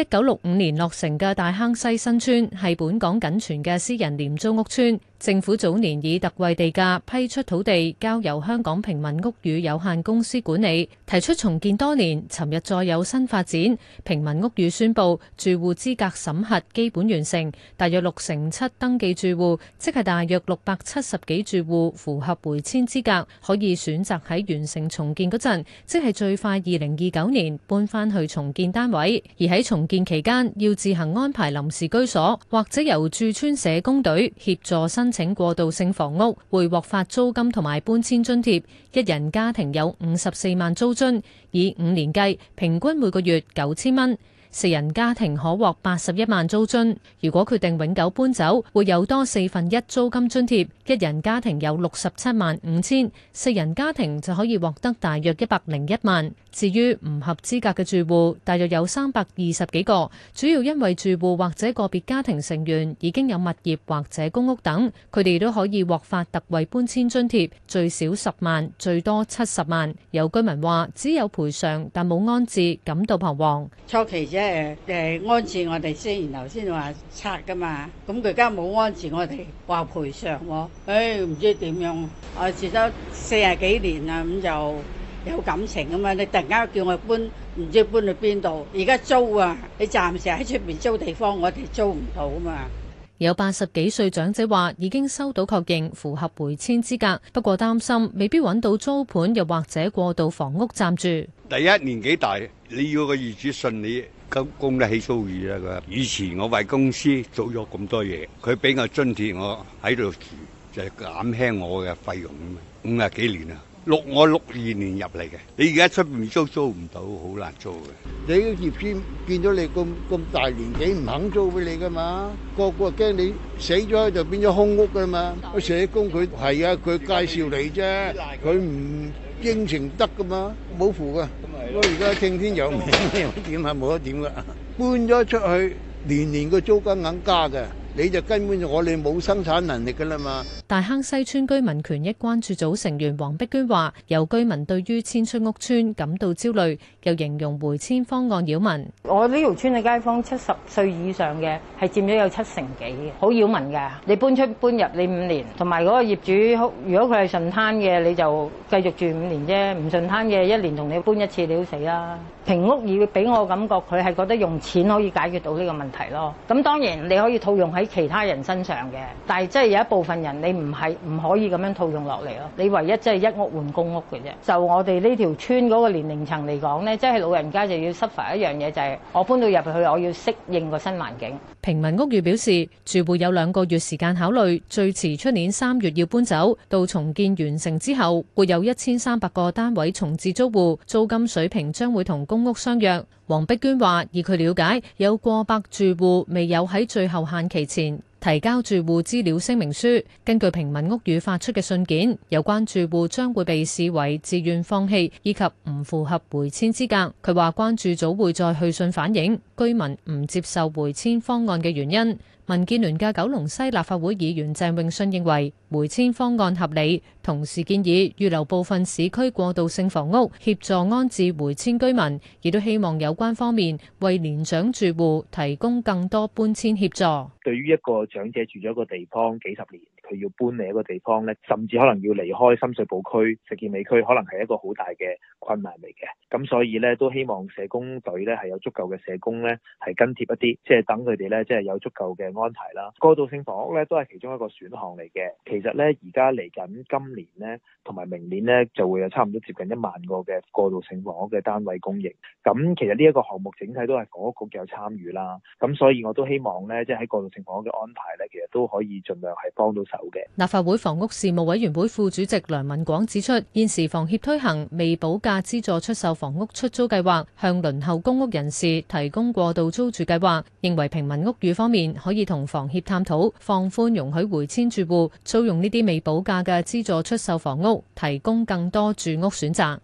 一九六五年落成嘅大坑西新邨係本港僅存嘅私人廉租屋邨。政府早年以特惠地價批出土地，交由香港平民屋宇有限公司管理，提出重建多年。尋日再有新發展，平民屋宇宣布住戶資格審核基本完成，大約六成七登記住戶，即係大約六百七十幾住戶符合回遷資格，可以選擇喺完成重建嗰陣，即係最快二零二九年搬翻去重建單位。而喺重建期間，要自行安排臨時居所，或者由駐村社工隊協助新。申請過渡性房屋會獲發租金同埋搬遷津貼，一人家庭有五十四萬租金，以五年計，平均每個月九千蚊。四人家庭可獲八十一萬租津。如果決定永久搬走，會有多四分一租金津貼。一人家庭有六十七萬五千，四人家庭就可以獲得大約一百零一萬。至於唔合資格嘅住戶，大約有三百二十幾個，主要因為住戶或者個別家庭成員已經有物業或者公屋等，佢哋都可以獲發特惠搬遷津貼，最少十萬，最多七十萬。有居民話只有賠償，但冇安置，感到彷徨。初期誒誒，安置我哋先，然後先話拆噶嘛。咁佢而家冇安置我哋，話賠償喎。誒、欸，唔知點樣。我住咗四十幾年啦，咁就有感情噶嘛。你突然間叫我搬，唔知搬去邊度？而家租啊，你暫時喺出面租地方，我哋租唔到嘛。有八十幾歲長者話，已經收到確認符合回遷資格，不過擔心未必搵到租盤，又或者過渡房屋暫住。第一年紀大，你要個業主信你。供得起租住啦！佢以前我為公司做咗咁多嘢，佢俾我津貼我喺度住，就係減輕我嘅費用。五啊幾年啊，六我六二年入嚟嘅，你而家出面租租唔到，好難租嘅。你業主見到你咁咁大年紀唔肯租俾你噶嘛？個個驚你死咗就變咗空屋噶嘛？社工佢係啊，佢介紹你啫，佢唔。應承得㗎嘛，冇負㗎。我而家聽天由命，點係冇得點㗎？搬咗出去，年年個租金硬加㗎。你就根本就我哋冇生產能力噶啦嘛！大坑西村居民權益關注組成員黃碧娟話，有居民對於遷出屋村感到焦慮，又形容回遷方案擾民。我呢條村嘅街坊七十歲以上嘅係佔咗有七成幾，好擾民嘅。你搬出搬入你五年，同埋嗰個業主好，如果佢係順攤嘅，你就繼續住五年啫；唔順攤嘅，一年同你搬一次，你都死啦。平屋而俾我感覺，佢係覺得用錢可以解決到呢個問題咯。咁當然你可以套用喺。喺其他人身上嘅，但係即係有一部分人你唔係唔可以咁樣套用落嚟咯。你唯一即係一屋換公屋嘅啫。就我哋呢條村嗰個年齡層嚟講咧，即係老人家就要 suffer 一樣嘢，就係我搬到入去，我要適應個新環境。平民屋宇表示，住戶有兩個月時間考慮，最遲出年三月要搬走。到重建完成之後，會有一千三百個單位重置租戶，租金水平將會同公屋相若。黃碧娟話，以佢了解，有過百住戶未有喺最後限期前提交住戶資料聲明書，根據平民屋宇發出嘅信件，有關住戶將會被視為自願放棄以及唔符合回遷資格。佢話關注組會再去信反映居民唔接受回遷方案嘅原因。民建聯嘅九龍西立法會議員鄭泳舜認為回遷方案合理，同時建議預留部分市區過渡性房屋協助安置回遷居民，亦都希望有關方面為年長住戶提供更多搬遷協助。對於一個長者住咗一個地方幾十年，佢要搬嚟一個地方，甚至可能要離開深水埗區、石硤尾區，可能係一個好大嘅困難嚟嘅。咁所以呢，都希望社工隊呢係有足夠嘅社工呢係跟貼一啲，即係等佢哋呢，即係有足夠嘅。安排啦，過渡性房屋咧都係其中一個選項嚟嘅。其實咧而家嚟緊今年咧，同埋明年咧就會有差唔多接近一萬個嘅過渡性房屋嘅單位供應。咁其實呢一個項目整體都係房屋局有參與啦。咁所以我都希望咧，即係喺過渡性房屋嘅安排咧，其實都可以盡量係幫到手嘅。立法會房屋事務委員會副主席梁文廣指出，現時房協推行未補價資助出售房屋出租計劃，向輪候公屋人士提供過渡租住計劃，認為平民屋宇方面可以。同房協探討放寬容許回遷住戶租用呢啲未補價嘅資助出售房屋，提供更多住屋選擇。